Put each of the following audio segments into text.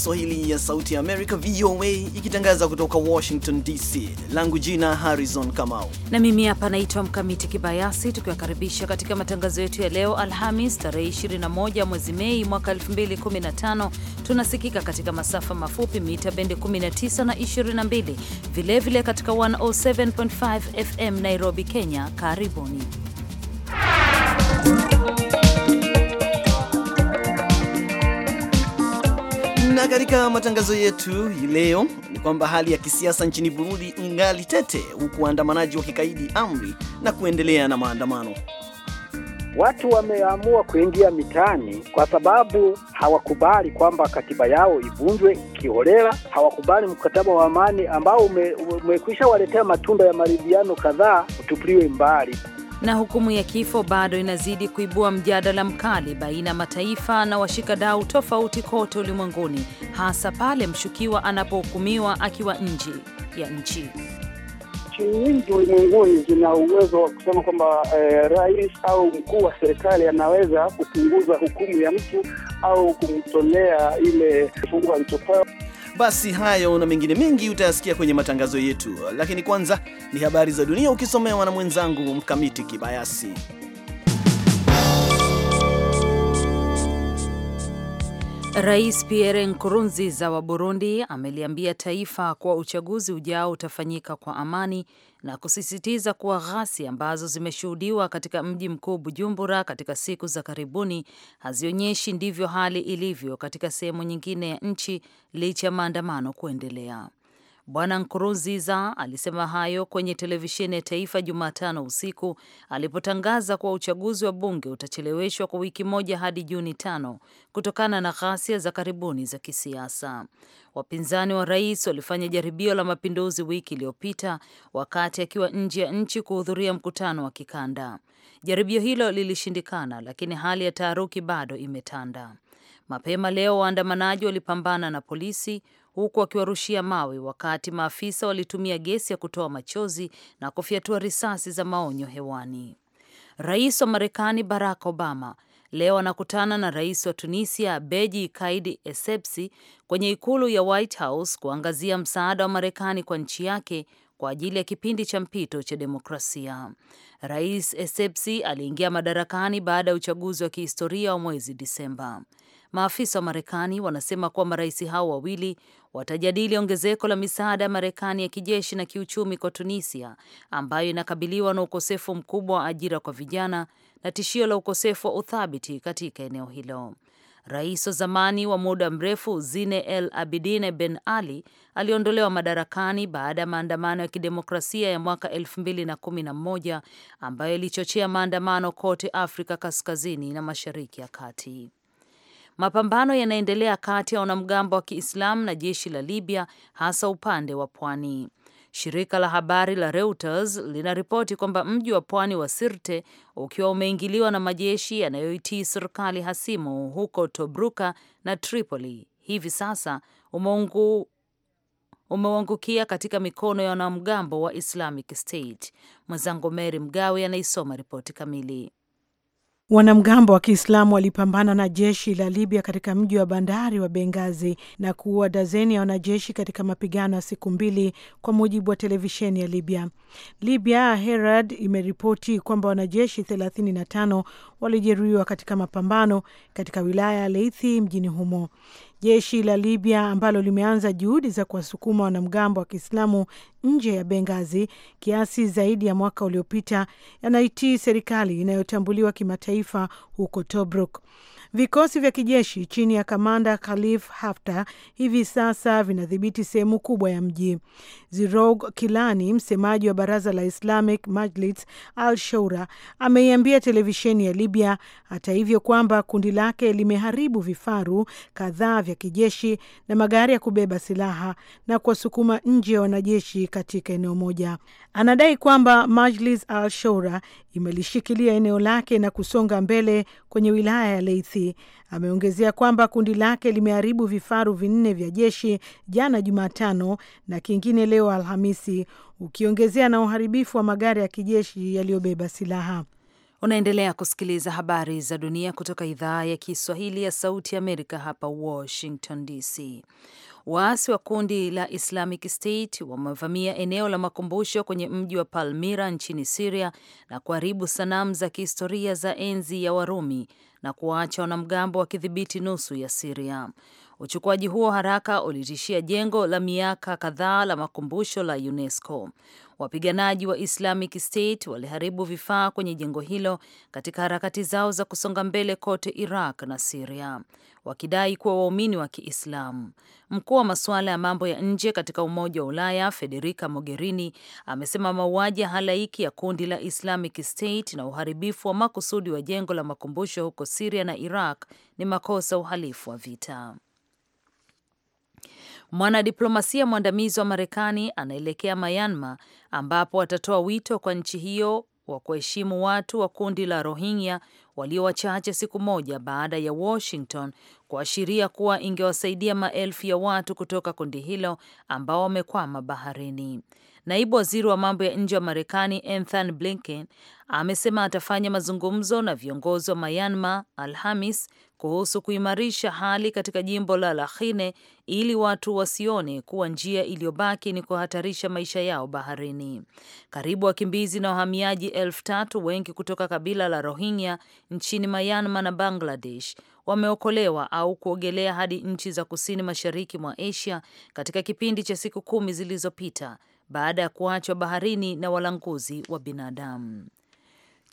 Kiswahili ya Sauti ya Amerika, VOA, ikitangaza kutoka Washington DC. Langu jina Harrison Kamau, na mimi hapa naitwa Mkamiti Kibayasi, tukiwakaribisha katika matangazo yetu ya leo Alhamis, tarehe 21 mwezi Mei mwaka 2015. Tunasikika katika masafa mafupi mita bendi 19 na 22, vilevile katika 107.5 FM Nairobi, Kenya. Karibuni. Na katika matangazo yetu leo ni kwamba hali ya kisiasa nchini Burundi ingali tete, huku waandamanaji wakikaidi amri na kuendelea na maandamano. Watu wameamua kuingia mitaani kwa sababu hawakubali kwamba katiba yao ivunjwe kiholela. Hawakubali mkataba wa amani ambao umekwisha ume waletea matunda ya maridhiano kadhaa utupiliwe mbali na hukumu ya kifo bado inazidi kuibua mjadala mkali baina ya mataifa na washikadau tofauti kote ulimwenguni, hasa pale mshukiwa anapohukumiwa akiwa nje ya nchi. Nchi nyingi ulimwenguni zina uwezo wa kusema kwamba eh, rais au mkuu wa serikali anaweza kupunguza hukumu ya mtu au kumtolea ile fungu alichopewa. Basi hayo na mengine mengi utayasikia kwenye matangazo yetu, lakini kwanza ni habari za dunia ukisomewa na mwenzangu Mkamiti Kibayasi. Rais Pierre Nkurunziza wa Burundi ameliambia taifa kuwa uchaguzi ujao utafanyika kwa amani na kusisitiza kuwa ghasia ambazo zimeshuhudiwa katika mji mkuu Bujumbura katika siku za karibuni hazionyeshi ndivyo hali ilivyo katika sehemu nyingine ya nchi licha ya maandamano kuendelea. Bwana Nkurunziza alisema hayo kwenye televisheni ya taifa Jumatano usiku alipotangaza kuwa uchaguzi wa bunge utacheleweshwa kwa wiki moja hadi Juni tano kutokana na ghasia za karibuni za kisiasa. Wapinzani wa rais walifanya jaribio la mapinduzi wiki iliyopita wakati akiwa nje ya nchi kuhudhuria mkutano wa kikanda. Jaribio hilo lilishindikana, lakini hali ya taharuki bado imetanda. Mapema leo waandamanaji walipambana na polisi huku wakiwarushia mawe, wakati maafisa walitumia gesi ya kutoa machozi na kufyatua risasi za maonyo hewani. Rais wa Marekani Barack Obama leo anakutana na rais wa Tunisia Beji Kaid Essebsi kwenye ikulu ya White House kuangazia msaada wa Marekani kwa nchi yake kwa ajili ya kipindi cha mpito cha demokrasia. Rais Essebsi aliingia madarakani baada ya uchaguzi wa kihistoria wa mwezi Disemba. Maafisa wa Marekani wanasema kwamba marais hao wawili watajadili ongezeko la misaada ya Marekani ya kijeshi na kiuchumi kwa Tunisia ambayo inakabiliwa na ukosefu mkubwa wa ajira kwa vijana na tishio la ukosefu wa uthabiti katika eneo hilo. Rais wa zamani wa muda mrefu Zine El Abidine Ben Ali aliondolewa madarakani baada ya maandamano ya kidemokrasia ya mwaka 2011 ambayo ilichochea maandamano kote Afrika Kaskazini na Mashariki ya Kati. Mapambano yanaendelea kati ya wanamgambo wa Kiislamu na jeshi la Libya, hasa upande wa pwani. Shirika la habari la Reuters linaripoti kwamba mji wa pwani wa Sirte ukiwa umeingiliwa na majeshi yanayoitii serikali hasimu huko Tobruka na Tripoli, hivi sasa umeungu umewangukia katika mikono ya wanamgambo wa Islamic State. Mwenzangu Mary Mgawe anaisoma ripoti kamili. Wanamgambo wa Kiislamu walipambana na jeshi la Libya katika mji wa bandari wa Bengazi na kuua dazeni ya wanajeshi katika mapigano ya siku mbili, kwa mujibu wa televisheni ya Libya. Libya Herald imeripoti kwamba wanajeshi 35 walijeruhiwa katika mapambano katika wilaya ya Leithi mjini humo. Jeshi la Libya ambalo limeanza juhudi za kuwasukuma wanamgambo wa Kiislamu nje ya Bengazi kiasi zaidi ya mwaka uliopita, yanaitii serikali inayotambuliwa kimataifa huko Tobruk. Vikosi vya kijeshi chini ya kamanda Khalif Haftar hivi sasa vinadhibiti sehemu kubwa ya mji. Zirog Kilani, msemaji wa baraza la Islamic Majlis al Shoura, ameiambia televisheni ya Libya, hata hivyo, kwamba kundi lake limeharibu vifaru kadhaa vya kijeshi na magari ya kubeba silaha na kuwasukuma nje ya wanajeshi katika eneo moja. Anadai kwamba Majlis al Shoura imelishikilia eneo lake na kusonga mbele kwenye wilaya ya Leithi. Houthi ameongezea kwamba kundi lake limeharibu vifaru vinne vya jeshi jana Jumatano na kingine leo Alhamisi, ukiongezea na uharibifu wa magari ya kijeshi yaliyobeba silaha. Unaendelea kusikiliza habari za dunia kutoka idhaa ya Kiswahili ya Sauti ya Amerika hapa Washington DC. Waasi wa kundi la Islamic State wamevamia eneo la makumbusho kwenye mji wa Palmira nchini Siria na kuharibu sanamu za kihistoria za enzi ya Warumi na kuwaacha wanamgambo wakidhibiti nusu ya Siria. Uchukuaji huo haraka ulitishia jengo la miaka kadhaa la makumbusho la UNESCO. Wapiganaji wa Islamic State waliharibu vifaa kwenye jengo hilo katika harakati zao za kusonga mbele kote Iraq na Siria, wakidai kuwa waumini wa Kiislamu. Mkuu wa masuala ya mambo ya nje katika Umoja wa Ulaya Federica Mogherini amesema mauaji ya halaiki ya kundi la Islamic State na uharibifu wa makusudi wa jengo la makumbusho huko Siria na Iraq ni makosa, uhalifu wa vita. Mwanadiplomasia mwandamizi wa Marekani anaelekea Myanmar ambapo atatoa wito kwa nchi hiyo wa kuheshimu watu wa kundi la Rohingya walio wachache siku moja baada ya Washington kuashiria kuwa ingewasaidia maelfu ya watu kutoka kundi hilo ambao wamekwama baharini. Naibu waziri wa mambo ya nje wa Marekani Anthony Blinken amesema atafanya mazungumzo na viongozi wa Myanmar Alhamis kuhusu kuimarisha hali katika jimbo la Rakhine ili watu wasione kuwa njia iliyobaki ni kuhatarisha maisha yao baharini. Karibu wakimbizi na wahamiaji elfu tatu wengi kutoka kabila la Rohingya nchini Myanmar na Bangladesh wameokolewa au kuogelea hadi nchi za kusini mashariki mwa Asia katika kipindi cha siku kumi zilizopita baada ya kuachwa baharini na walanguzi wa binadamu.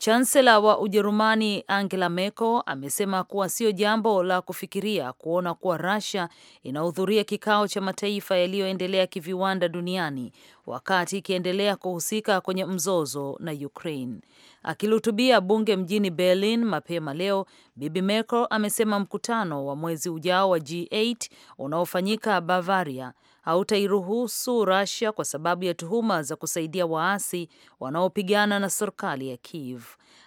Chansela wa Ujerumani Angela Merkel amesema kuwa sio jambo la kufikiria kuona kuwa Russia inahudhuria kikao cha mataifa yaliyoendelea kiviwanda duniani wakati ikiendelea kuhusika kwenye mzozo na Ukraine. Akilihutubia bunge mjini Berlin mapema leo, Bibi Merkel amesema mkutano wa mwezi ujao wa G8 unaofanyika Bavaria hautairuhusu Russia kwa sababu ya tuhuma za kusaidia waasi wanaopigana na serikali ya Kiev.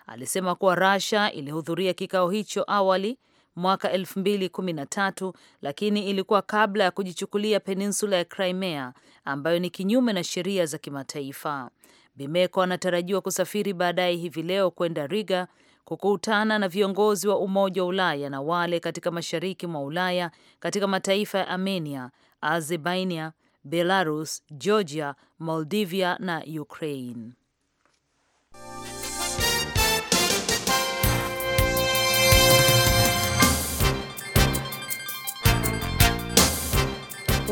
Alisema kuwa Russia ilihudhuria kikao hicho awali mwaka 2013 lakini ilikuwa kabla ya kujichukulia peninsula ya Crimea ambayo ni kinyume na sheria za kimataifa. Bimeko anatarajiwa kusafiri baadaye hivi leo kwenda Riga kukutana na viongozi wa Umoja wa Ulaya na wale katika mashariki mwa Ulaya katika mataifa ya Armenia, Azebainia, Belarus, Georgia, Moldavia na Ukraine.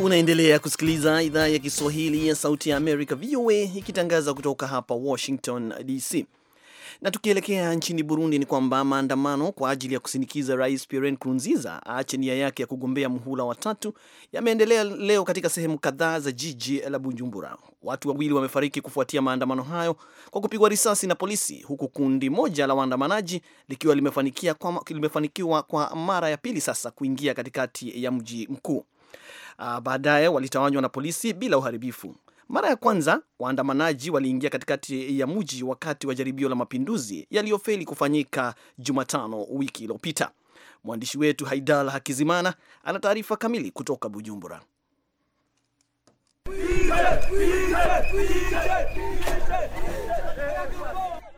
Unaendelea kusikiliza idhaa ya Kiswahili ya Sauti ya Amerika, VOA, ikitangaza kutoka hapa Washington DC. Na tukielekea nchini Burundi ni kwamba maandamano kwa ajili ya kusindikiza Rais Pierre Nkurunziza aache nia yake ya kugombea muhula wa tatu yameendelea leo katika sehemu kadhaa za jiji la Bujumbura. Watu wawili wamefariki kufuatia maandamano hayo kwa kupigwa risasi na polisi, huku kundi moja la waandamanaji likiwa limefanikiwa kwa, limefanikiwa kwa mara ya pili sasa kuingia katikati ya mji mkuu. Baadaye walitawanywa na polisi bila uharibifu. Mara ya kwanza waandamanaji waliingia katikati ya mji wakati wa jaribio la mapinduzi yaliyofeli kufanyika Jumatano wiki iliyopita. Mwandishi wetu Haidal Hakizimana ana taarifa kamili kutoka Bujumbura.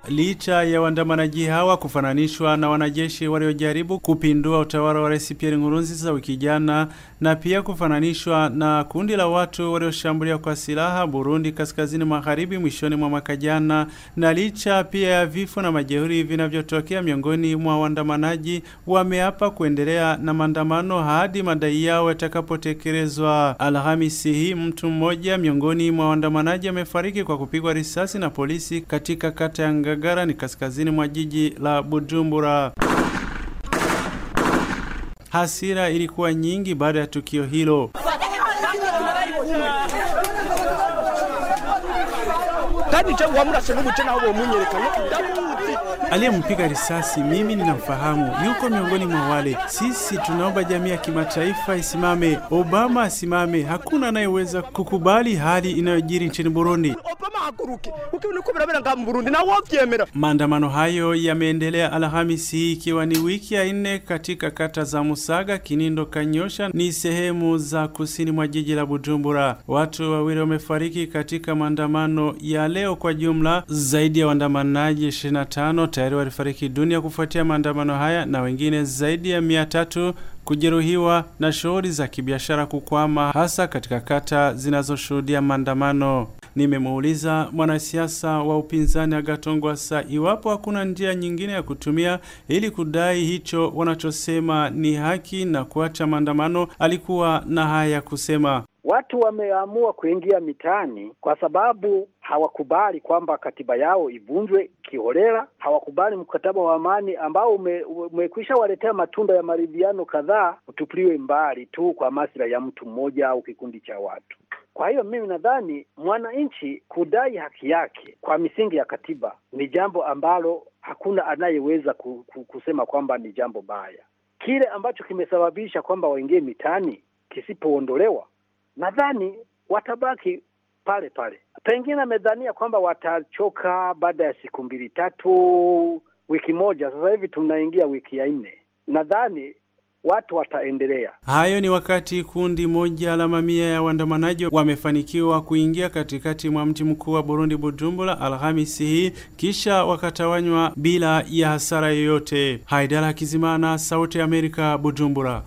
Licha ya waandamanaji hawa kufananishwa na wanajeshi waliojaribu kupindua utawala wa Rais Pierre Nkurunziza wiki jana na pia kufananishwa na kundi la watu walioshambulia kwa silaha Burundi kaskazini magharibi mwishoni mwa mwaka jana, na licha pia ya vifo na majeruhi vinavyotokea miongoni mwa waandamanaji, wameapa kuendelea na maandamano hadi madai yao yatakapotekelezwa. Alhamisi hii mtu mmoja miongoni mwa waandamanaji amefariki kwa kupigwa risasi na polisi katika kata ya Ngagara ni kaskazini mwa jiji la Bujumbura. Hasira ilikuwa nyingi baada ya tukio hilo aliyempiga risasi mimi ninamfahamu, yuko miongoni mwa wale. Sisi tunaomba jamii ya kimataifa isimame, Obama asimame. Hakuna anayeweza kukubali hali inayojiri nchini Burundi. Maandamano hayo yameendelea Alhamisi hii ikiwa ni wiki ya nne katika kata za Musaga, Kinindo, Kanyosha ni sehemu za kusini mwa jiji la Bujumbura. Watu wawili wamefariki katika maandamano ya leo. Kwa jumla zaidi ya waandamanaji 25 tayari walifariki dunia kufuatia maandamano haya na wengine zaidi ya mia tatu kujeruhiwa na shughuli za kibiashara kukwama, hasa katika kata zinazoshuhudia maandamano. Nimemuuliza mwanasiasa wa upinzani Agatongwasa iwapo hakuna njia nyingine ya kutumia ili kudai hicho wanachosema ni haki na kuacha maandamano. Alikuwa na haya ya kusema. Watu wameamua kuingia mitaani kwa sababu hawakubali kwamba katiba yao ivunjwe kiholela. Hawakubali mkataba wa amani ambao umekwisha waletea matunda ya maridhiano kadhaa utupiliwe mbali tu kwa maslahi ya mtu mmoja au kikundi cha watu. Kwa hiyo mimi nadhani mwananchi kudai haki yake kwa misingi ya katiba ni jambo ambalo hakuna anayeweza kusema kwamba ni jambo baya. Kile ambacho kimesababisha kwamba waingie mitaani kisipoondolewa nadhani watabaki pale pale. Pengine amedhania kwamba watachoka baada ya siku mbili tatu, wiki moja. Sasa hivi tunaingia wiki ya nne, nadhani watu wataendelea. Hayo ni wakati kundi moja la mamia ya waandamanaji wamefanikiwa kuingia katikati mwa mji mkuu wa Burundi, Bujumbura, Alhamisi hii, kisha wakatawanywa bila ya hasara yoyote. Haidara Kizimana, Sauti ya Amerika, Bujumbura.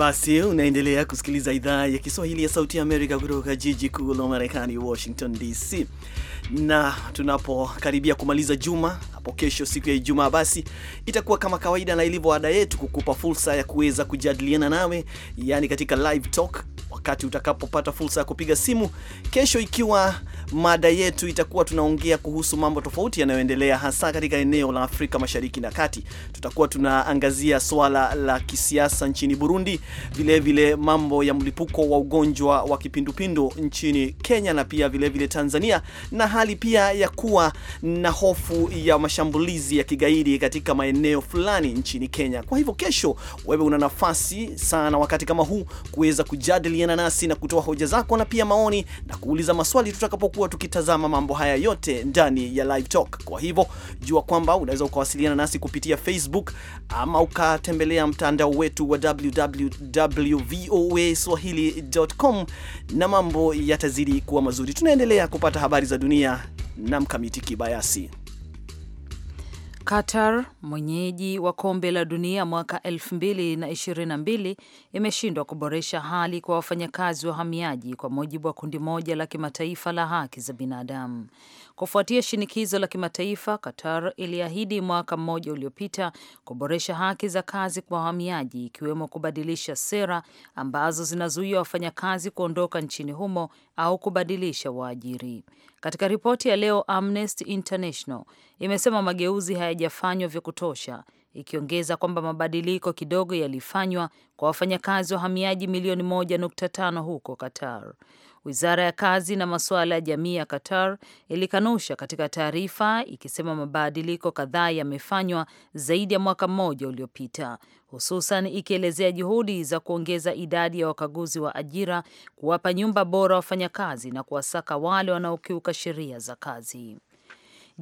Basi unaendelea kusikiliza idhaa ya Kiswahili ya Sauti ya Amerika kutoka jiji kuu la Marekani, Washington DC, na tunapokaribia kumaliza juma hapo kesho, siku ya Ijumaa, basi itakuwa kama kawaida na ilivyo ada yetu kukupa fursa ya kuweza kujadiliana nawe, yani katika live talk wakati utakapopata fursa ya kupiga simu kesho, ikiwa mada yetu itakuwa tunaongea kuhusu mambo tofauti yanayoendelea hasa katika eneo la Afrika Mashariki na Kati. Tutakuwa tunaangazia swala la kisiasa nchini Burundi, vilevile vile mambo ya mlipuko wa ugonjwa wa kipindupindu nchini Kenya na pia vilevile vile Tanzania, na hali pia ya kuwa na hofu ya mashambulizi ya kigaidi katika maeneo fulani nchini Kenya. Kwa hivyo kesho, wewe una nafasi sana wakati kama huu kuweza kujadiliana kuwasiliana nasi na kutoa hoja zako na pia maoni na kuuliza maswali tutakapokuwa tukitazama mambo haya yote ndani ya live talk. Kwa hivyo jua kwamba unaweza ukawasiliana nasi kupitia Facebook ama ukatembelea mtandao wetu wa www.voaswahili.com na mambo yatazidi kuwa mazuri. Tunaendelea kupata habari za dunia na mkamiti Kibayasi. Qatar, mwenyeji wa kombe la dunia mwaka 2022, imeshindwa kuboresha hali kwa wafanyakazi wahamiaji, kwa mujibu wa kundi moja la kimataifa la haki za binadamu. Kufuatia shinikizo la kimataifa, Qatar iliahidi mwaka mmoja uliopita kuboresha haki za kazi kwa wahamiaji, ikiwemo kubadilisha sera ambazo zinazuia wafanyakazi kuondoka nchini humo au kubadilisha waajiri. Katika ripoti ya leo, Amnesty International imesema mageuzi hayajafanywa vya kutosha, ikiongeza kwamba mabadiliko kidogo yalifanywa kwa wafanyakazi wahamiaji milioni 1.5 huko Qatar. Wizara ya kazi na masuala ya jamii ya Qatar ilikanusha katika taarifa ikisema mabadiliko kadhaa yamefanywa zaidi ya mwaka mmoja uliopita, hususan ikielezea juhudi za kuongeza idadi ya wakaguzi wa ajira, kuwapa nyumba bora wafanyakazi na kuwasaka wale wanaokiuka sheria za kazi.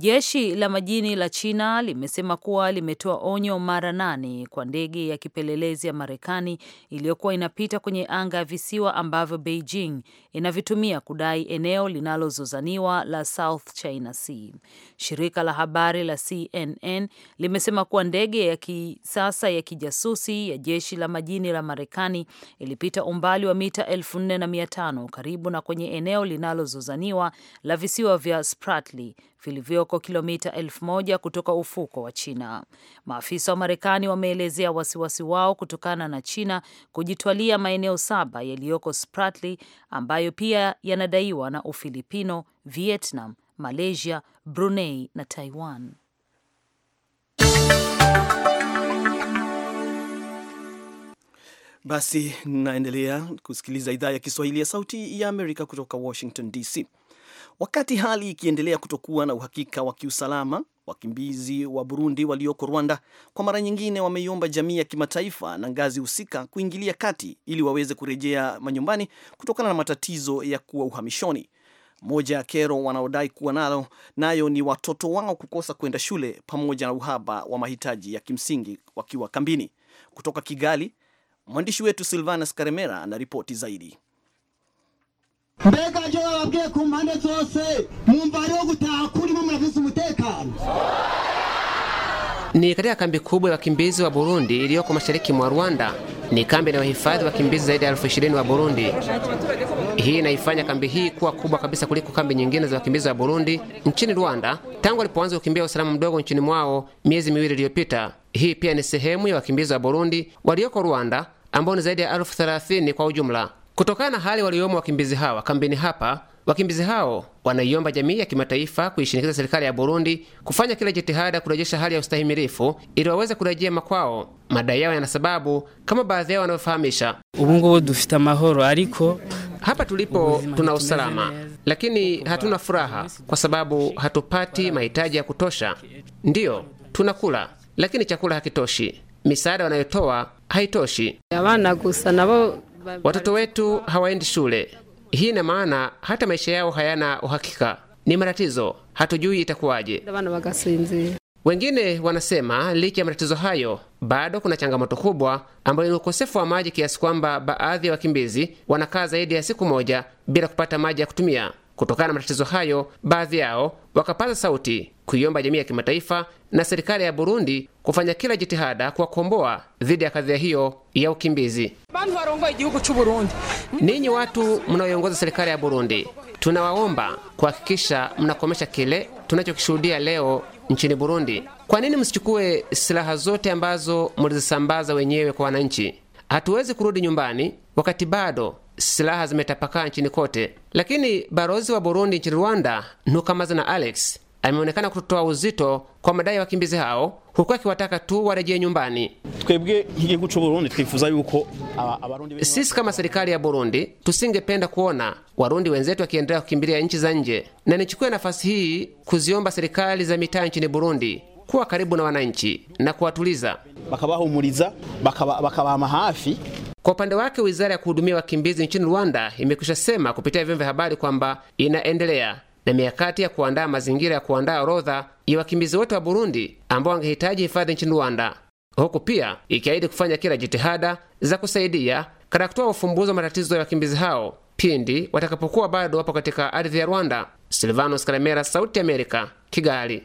Jeshi la majini la China limesema kuwa limetoa onyo mara nane kwa ndege ya kipelelezi ya Marekani iliyokuwa inapita kwenye anga ya visiwa ambavyo Beijing inavitumia kudai eneo linalozozaniwa la South China Sea. Shirika la habari la CNN limesema kuwa ndege ya kisasa ya kijasusi ya jeshi la majini la Marekani ilipita umbali wa mita 45 karibu na kwenye eneo linalozozaniwa la visiwa vya Spratly vilivyoko kilomita elfu moja kutoka ufuko wa China. Maafisa wa Marekani wameelezea wasiwasi wao kutokana na China kujitwalia maeneo saba yaliyoko Spratly ambayo pia yanadaiwa na Ufilipino, Vietnam, Malaysia, Brunei na Taiwan. Basi naendelea kusikiliza idhaa ya Kiswahili ya Sauti ya Amerika kutoka Washington DC. Wakati hali ikiendelea kutokuwa na uhakika wa kiusalama, wakimbizi wa Burundi walioko Rwanda kwa mara nyingine wameiomba jamii ya kimataifa na ngazi husika kuingilia kati ili waweze kurejea manyumbani kutokana na matatizo ya kuwa uhamishoni. Moja ya kero wanaodai kuwa nalo nayo ni watoto wao kukosa kwenda shule pamoja na uhaba wa mahitaji ya kimsingi wakiwa kambini. Kutoka Kigali, mwandishi wetu Silvanus Karemera ana ripoti zaidi mbega byo bababwiye ku mpande zose mwumva hariho gutaha kurimo muravuze umutekano ni katika kambi kubwa ya wakimbizi wa Burundi iliyoko mashariki mwa Rwanda. Ni kambi inayohifadhi wakimbizi zaidi ya elfu ishirini wa Burundi. Hii inaifanya kambi hii kuwa kubwa kabisa kuliko kambi nyingine za wakimbizi wa Burundi nchini Rwanda tangu walipoanza kukimbia usalama mdogo nchini mwao miezi miwili iliyopita. Hii pia ni sehemu ya wakimbizi wa Burundi walioko Rwanda ambao ni zaidi ya elfu thelathini kwa ujumla. Kutokana na hali waliomo wakimbizi hawa kambini hapa, wakimbizi hao wanaiomba jamii ya kimataifa kuishinikiza serikali ya Burundi kufanya kila jitihada kurejesha hali ya ustahimilifu ili waweze kurejea makwao. Madai yao yana sababu kama baadhi yao wanavyofahamisha. ubu dufite amahoro ariko hapa tulipo tuna usalama, lakini hatuna furaha kwa sababu hatupati mahitaji ya kutosha. Ndiyo, tunakula lakini chakula hakitoshi, misaada wanayotoa haitoshi. abana gusa nabo Watoto wetu hawaendi shule. Hii ina maana hata maisha yao hayana uhakika, ni matatizo, hatujui itakuwaje. Wengine wanasema licha ya matatizo hayo, bado kuna changamoto kubwa ambayo ni ukosefu wa maji, kiasi kwamba baadhi ya wakimbizi wanakaa zaidi ya siku moja bila kupata maji ya kutumia. Kutokana na matatizo hayo, baadhi yao wakapaza sauti kuiomba jamii ya kimataifa na serikali ya Burundi kufanya kila jitihada kuwakomboa dhidi ya kadhia hiyo ya ukimbizi. Ninyi watu mnaoiongoza serikali ya Burundi, tunawaomba kuhakikisha mnakomesha kile tunachokishuhudia leo nchini Burundi. Kwa nini msichukue silaha zote ambazo mulizisambaza wenyewe kwa wananchi? Hatuwezi kurudi nyumbani wakati bado silaha zimetapakaa nchini kote. Lakini barozi wa Burundi nchini Rwanda, na Alex, ameonekana kutotoa uzito kwa madai ya wakimbizi hao huku akiwataka tu warejee nyumbani. Sisi kama serikali ya Burundi tusingependa kuona Warundi wenzetu wakiendelea kukimbilia nchi za nje, na nichukue nafasi hii kuziomba serikali za mitaa nchini Burundi kuwa karibu na wananchi na kuwatuliza, bakabaha umuliza hafi kwa upande wake, wizara ya kuhudumia wakimbizi nchini Rwanda imekwisha sema kupitia vyombo vya habari kwamba inaendelea na mikakati ya kuandaa mazingira ya kuandaa orodha ya wakimbizi wote wa Burundi ambao wangehitaji hifadhi nchini Rwanda, huku pia ikiahidi kufanya kila jitihada za kusaidia katika kutoa ufumbuzi wa matatizo ya wakimbizi hao pindi watakapokuwa bado wapo katika ardhi ya Rwanda. Silvanos Karemera, Sauti ya Amerika, Kigali.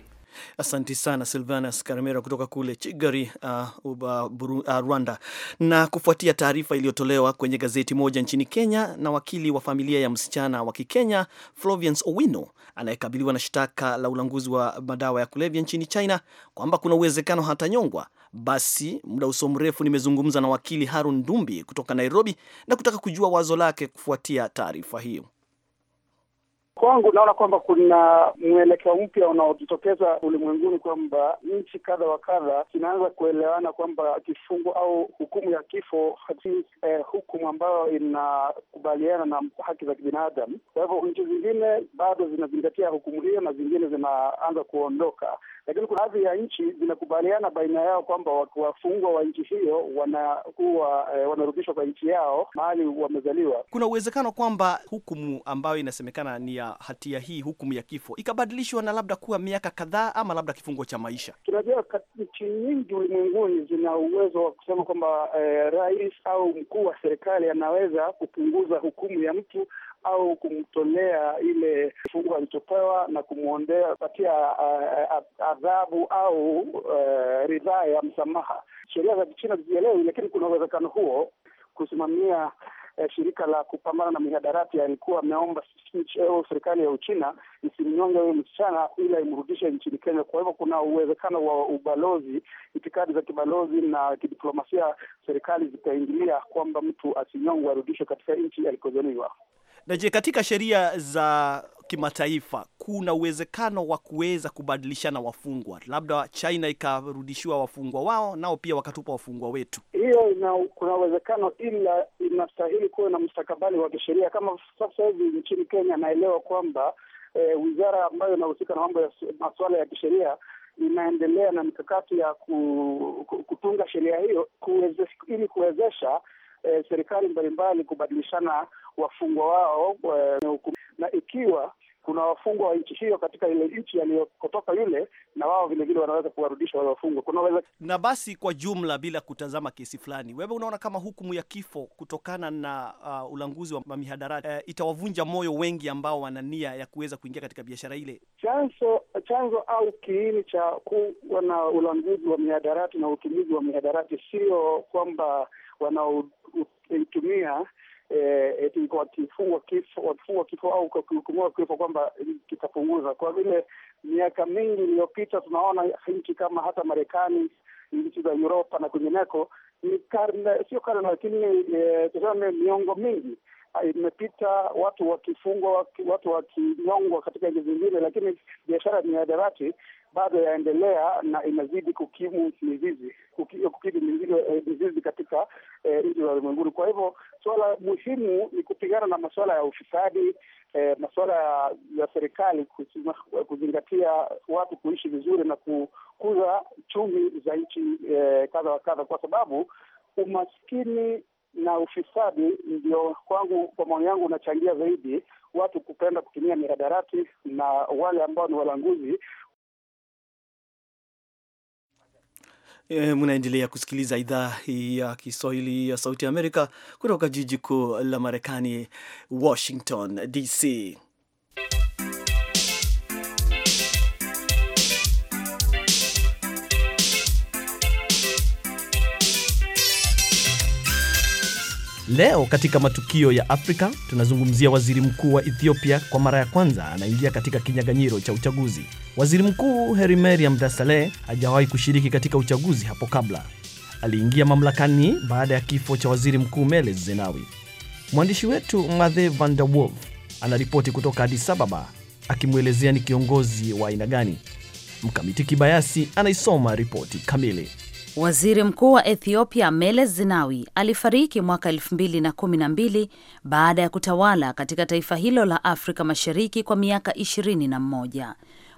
Asanti sana Silvanus Karemera kutoka kule chigari uh, uba, Buru, uh, Rwanda. Na kufuatia taarifa iliyotolewa kwenye gazeti moja nchini Kenya na wakili wa familia ya msichana wa Kikenya Florence Owino anayekabiliwa na shtaka la ulanguzi wa madawa ya kulevya nchini China kwamba kuna uwezekano hata nyongwa basi muda usio mrefu nimezungumza na wakili Harun Dumbi kutoka Nairobi na kutaka kujua wazo lake kufuatia taarifa hiyo. Kwangu naona kwamba kuna mwelekeo mpya unaojitokeza ulimwenguni kwamba nchi kadha wa kadha zinaanza kuelewana kwamba kifungo au hukumu ya kifo ni eh, hukumu ambayo inakubaliana na haki za kibinadamu. Kwa hivyo nchi zingine bado zinazingatia hukumu hiyo na zingine zinaanza kuondoka lakini kuna baadhi ya nchi zinakubaliana baina yao kwamba wafungwa wa nchi hiyo wanakuwa eh, wanarudishwa kwa nchi yao mahali wamezaliwa. Kuna uwezekano kwamba hukumu ambayo inasemekana ni ya hatia hii, hukumu ya kifo, ikabadilishwa na labda kuwa miaka kadhaa ama labda kifungo cha maisha. Tunajua nchi nyingi ulimwenguni zina uwezo wa kusema kwamba eh, rais au mkuu wa serikali anaweza kupunguza hukumu ya mtu au kumtolea ile kifungo alichopewa na kumwondea patia eh, eh, adhabu au uh, ridhaa ya msamaha. Sheria za Kichina zielewi, lakini kuna uwezekano huo. Kusimamia uh, shirika la kupambana na mihadarati alikuwa ameomba serikali ya Uchina isimnyonge huyo msichana, ila imrudishe nchini Kenya. Kwa hivyo kuna uwezekano wa ubalozi, itikadi za kibalozi na kidiplomasia, serikali zitaingilia kwamba mtu asinyongwe, arudishwe katika nchi alikozaliwa. Na je, katika sheria za kimataifa kuna uwezekano wa kuweza kubadilishana wafungwa, labda China ikarudishiwa wafungwa wao, nao pia wakatupa wafungwa wetu? Hiyo ina, kuna uwezekano, ila inastahili kuwa na mustakabali wa kisheria. Kama sasa hivi nchini Kenya, naelewa kwamba e, wizara ambayo inahusika na mambo ya masuala ya kisheria inaendelea na mikakati ya ku, ku, kutunga sheria hiyo kuweze, ili kuwezesha e, serikali mbalimbali kubadilishana wafungwa wao eh, na ikiwa kuna wafungwa wa nchi hiyo katika ile nchi aliyotoka yule, na wao vilevile wanaweza kuwarudisha wale wafungwa kunaweza. Na basi kwa jumla, bila kutazama kesi fulani, wewe unaona kama hukumu ya kifo kutokana na uh, ulanguzi wa mihadarati uh, eh, itawavunja moyo wengi ambao wana nia ya kuweza kuingia katika biashara ile. Chanzo chanzo au kiini cha kuwa na ulanguzi wa mihadarati na utumizi wa mihadarati sio kwamba wanaoitumia eti eh, eh, wakifungwa kifo, wakifungwa kifo au kuhukumiwa kifo kwamba eh, kitapunguza. Kwa vile miaka mingi iliyopita tunaona nchi kama hata Marekani, nchi za Uropa na kwingineko, ni karne, sio karne, lakini tuseme miongo mingi ah, imepita watu wakifungwa, watu wakinyongwa katika nchi zingine, lakini biashara ya adarati bado yaendelea na inazidi kukimu mizizi kukidhi eh, mizizi katika eh, nchi za ulimwenguni. Kwa hivyo suala muhimu ni kupigana na masuala ya ufisadi, eh, masuala ya serikali kuzingatia watu kuishi vizuri na kukuza chumi za nchi eh, kadha wa kadha, kwa sababu umaskini na ufisadi ndio kwangu, kwa maoni yangu, unachangia zaidi watu kupenda kutumia mihadarati na wale ambao ni walanguzi E, mnaendelea kusikiliza idhaa ya Kiswahili ya Sauti ya Amerika kutoka jiji kuu la Marekani, Washington DC. Leo katika matukio ya Afrika tunazungumzia waziri mkuu wa Ethiopia. Kwa mara ya kwanza anaingia katika kinyang'anyiro cha uchaguzi. Waziri Mkuu Heri Mariam Dasaleh hajawahi kushiriki katika uchaguzi hapo kabla. Aliingia mamlakani baada ya kifo cha waziri mkuu Meles Zenawi. Mwandishi wetu Mathe Van der Wolf anaripoti kutoka Addis Ababa, akimwelezea ni kiongozi wa aina gani. Mkamiti Kibayasi anaisoma ripoti kamili. Waziri mkuu wa Ethiopia Meles Zenawi alifariki mwaka elfu mbili na kumi na mbili baada ya kutawala katika taifa hilo la Afrika Mashariki kwa miaka ishirini na mmoja.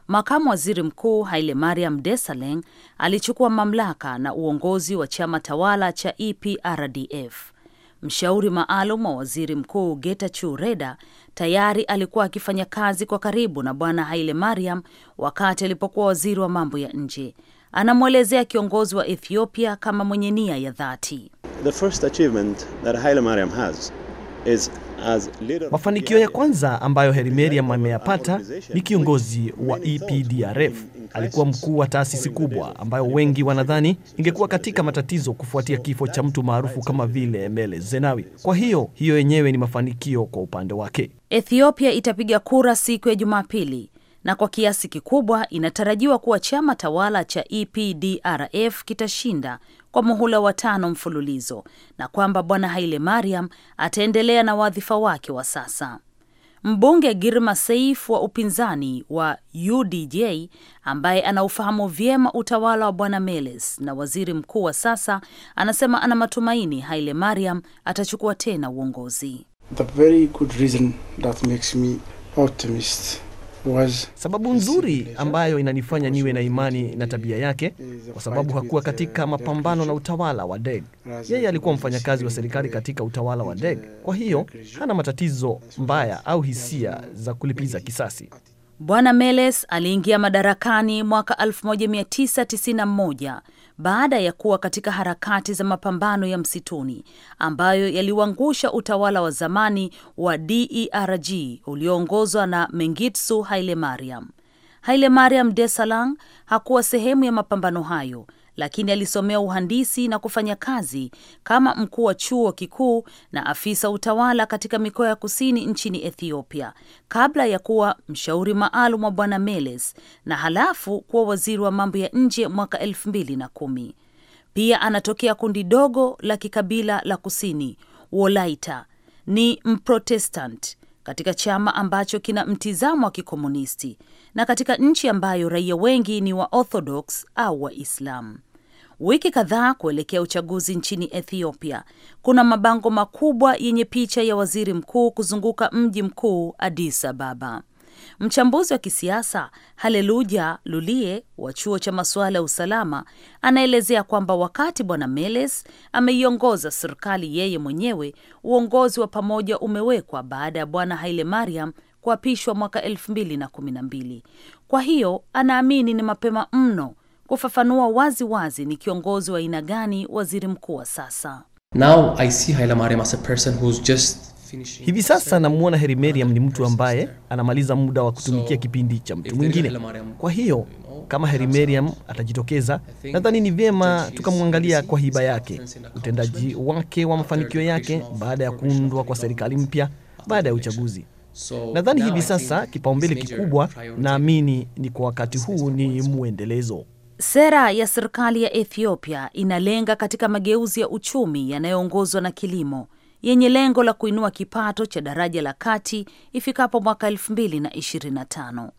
Makamu waziri mkuu Haile Mariam Desaleng alichukua mamlaka na uongozi wa chama tawala cha EPRDF. Mshauri maalum wa waziri mkuu Getachew Reda tayari alikuwa akifanya kazi kwa karibu na bwana Haile Mariam wakati alipokuwa waziri wa mambo ya nje anamwelezea kiongozi wa Ethiopia kama mwenye nia ya dhati. Mafanikio ya kwanza ambayo Hairy Mariam ameyapata ni kiongozi wa EPDRF. Alikuwa mkuu wa taasisi kubwa ambayo wengi wanadhani ingekuwa katika matatizo kufuatia kifo cha mtu maarufu kama vile mele Zenawi. Kwa hiyo hiyo yenyewe ni mafanikio kwa upande wake. Ethiopia itapiga kura siku ya Jumapili na kwa kiasi kikubwa inatarajiwa kuwa chama tawala cha EPDRF kitashinda kwa muhula wa tano mfululizo na kwamba Bwana Haile Mariam ataendelea na wadhifa wake wa sasa. Mbunge Girma Seif wa upinzani wa UDJ ambaye anaufahamu vyema utawala wa Bwana Meles na waziri mkuu wa sasa anasema ana matumaini Haile Mariam atachukua tena uongozi. The very good reason that makes me optimist Sababu nzuri ambayo inanifanya niwe na imani na tabia yake, kwa sababu hakuwa katika mapambano na utawala wa Deng. Yeye alikuwa mfanyakazi wa serikali katika utawala wa Deng, kwa hiyo hana matatizo mbaya au hisia za kulipiza kisasi. Bwana Meles aliingia madarakani mwaka 1991 baada ya kuwa katika harakati za mapambano ya msituni ambayo yaliuangusha utawala wa zamani wa DERG ulioongozwa na Mengistu Haile Mariam. Haile Mariam Desalegn hakuwa sehemu ya mapambano hayo, lakini alisomea uhandisi na kufanya kazi kama mkuu wa chuo kikuu na afisa utawala katika mikoa ya kusini nchini Ethiopia kabla ya kuwa mshauri maalum wa Bwana Meles na halafu kuwa waziri wa mambo ya nje mwaka elfu mbili na kumi. Pia anatokea kundi dogo la kikabila la kusini Wolaita. Ni Mprotestant katika chama ambacho kina mtizamo wa kikomunisti na katika nchi ambayo raia wengi ni wa Orthodox au Waislamu. Wiki kadhaa kuelekea uchaguzi nchini Ethiopia, kuna mabango makubwa yenye picha ya waziri mkuu kuzunguka mji mkuu Addis Ababa. Mchambuzi wa kisiasa Haleluja Lulie wa chuo cha masuala ya usalama anaelezea kwamba wakati Bwana Meles ameiongoza serikali yeye mwenyewe, uongozi wa pamoja umewekwa baada ya Bwana Haile Mariam kuapishwa mwaka elfu mbili na kumi na mbili. Kwa hiyo anaamini ni mapema mno kufafanua wazi wazi ni kiongozi wa aina gani waziri mkuu wa sasa. Now I see Haile Mariam as a person who's just Hivi sasa namwona Heri Mariam ni mtu ambaye anamaliza muda wa kutumikia kipindi cha mtu mwingine. Kwa hiyo kama Heri Mariam atajitokeza, nadhani ni vyema tukamwangalia kwa hiba yake, utendaji wake wa mafanikio yake baada ya kuundwa kwa serikali mpya baada ya uchaguzi. Nadhani hivi sasa kipaumbele kikubwa, naamini ni kwa wakati huu, ni mwendelezo Sera ya serikali ya Ethiopia inalenga katika mageuzi ya uchumi yanayoongozwa na kilimo yenye lengo la kuinua kipato cha daraja la kati ifikapo mwaka 2025.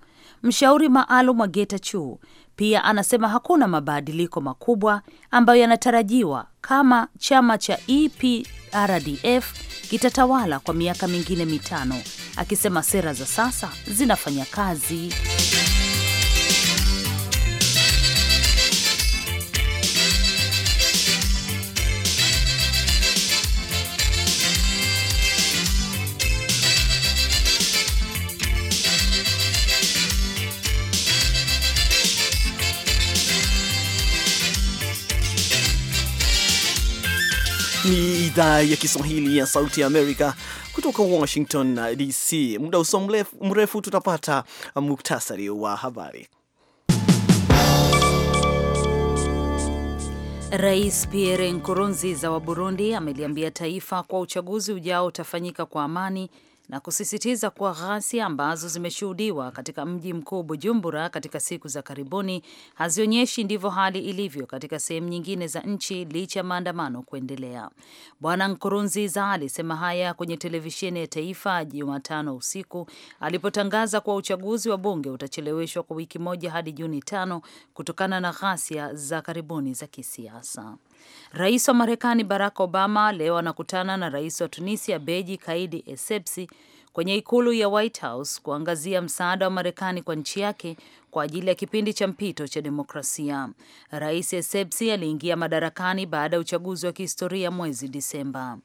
Mshauri maalum wa Getachew pia anasema hakuna mabadiliko makubwa ambayo yanatarajiwa kama chama cha EPRDF kitatawala kwa miaka mingine mitano, akisema sera za sasa zinafanya kazi. Ni idhaa ya Kiswahili ya Sauti ya Amerika kutoka Washington uh, DC. Muda usio mrefu tutapata uh, muktasari wa habari. Rais Pierre Nkurunziza wa Burundi ameliambia taifa kwa uchaguzi ujao utafanyika kwa amani na kusisitiza kuwa ghasia ambazo zimeshuhudiwa katika mji mkuu Bujumbura katika siku za karibuni hazionyeshi ndivyo hali ilivyo katika sehemu nyingine za nchi licha ya maandamano kuendelea. Bwana Nkurunziza alisema haya kwenye televisheni ya taifa Jumatano usiku alipotangaza kuwa uchaguzi wa bunge utacheleweshwa kwa wiki moja hadi Juni tano kutokana na ghasia za karibuni za kisiasa. Rais wa Marekani Barack Obama leo anakutana na rais wa Tunisia Beji Kaidi Essebsi kwenye ikulu ya White House kuangazia msaada wa Marekani kwa nchi yake kwa ajili ya kipindi cha mpito cha demokrasia. Rais Essebsi aliingia madarakani baada ya uchaguzi wa kihistoria mwezi Disemba.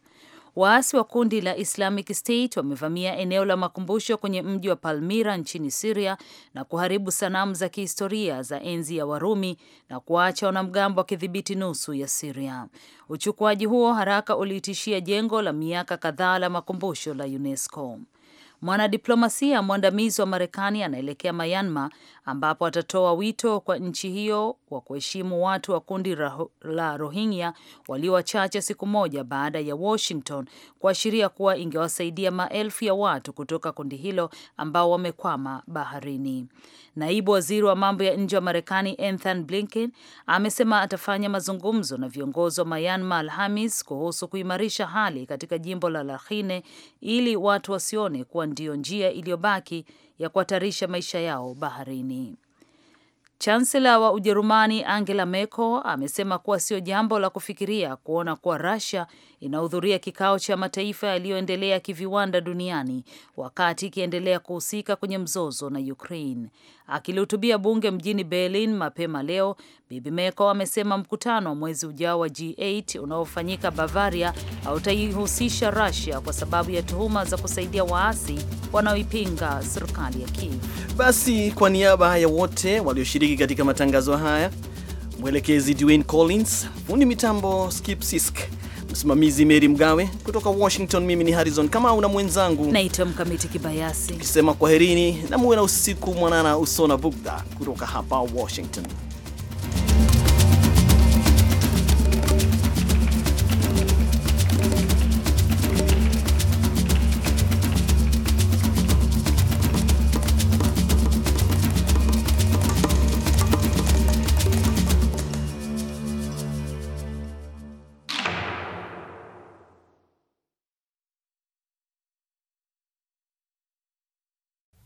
Waasi wa kundi la Islamic State wamevamia eneo la makumbusho kwenye mji wa Palmira nchini Siria na kuharibu sanamu za kihistoria za enzi ya Warumi na kuwaacha wanamgambo wakidhibiti nusu ya Siria. Uchukuaji huo haraka uliitishia jengo la miaka kadhaa la makumbusho la UNESCO. Mwanadiplomasia mwandamizi wa Marekani anaelekea Myanmar ambapo atatoa wito kwa nchi hiyo wa kuheshimu watu wa kundi la Rohingya walio wachache, siku moja baada ya Washington kuashiria kuwa ingewasaidia maelfu ya watu kutoka kundi hilo ambao wamekwama baharini. Naibu waziri wa mambo ya nje wa Marekani Anthony Blinken amesema atafanya mazungumzo na viongozi wa Myanmar Alhamis kuhusu kuimarisha hali katika jimbo la Rakhine ili watu wasione kuwa ndiyo njia iliyobaki ya kuhatarisha maisha yao baharini. Chansela wa Ujerumani Angela Merkel amesema kuwa sio jambo la kufikiria kuona kuwa Russia inahudhuria kikao cha mataifa yaliyoendelea kiviwanda duniani wakati ikiendelea kuhusika kwenye mzozo na Ukraine. Akilihutubia bunge mjini Berlin mapema leo, Bibi Merkel amesema mkutano wa mwezi ujao wa G8 unaofanyika Bavaria hautaihusisha Russia kwa sababu ya tuhuma za kusaidia waasi wanaoipinga serikali ya Kiev. Basi kwa niaba ya wote walioshiriki katika matangazo haya, mwelekezi Dwayne Collins, fundi mitambo Skip Sisk msimamizi Meri Mgawe kutoka Washington. Mimi ni Harrison Kamau na mwenzangu naitwa Mkamiti Kibayasi, tukisema kwaherini na muwe na usiku mwanana usona bugda kutoka hapa Washington.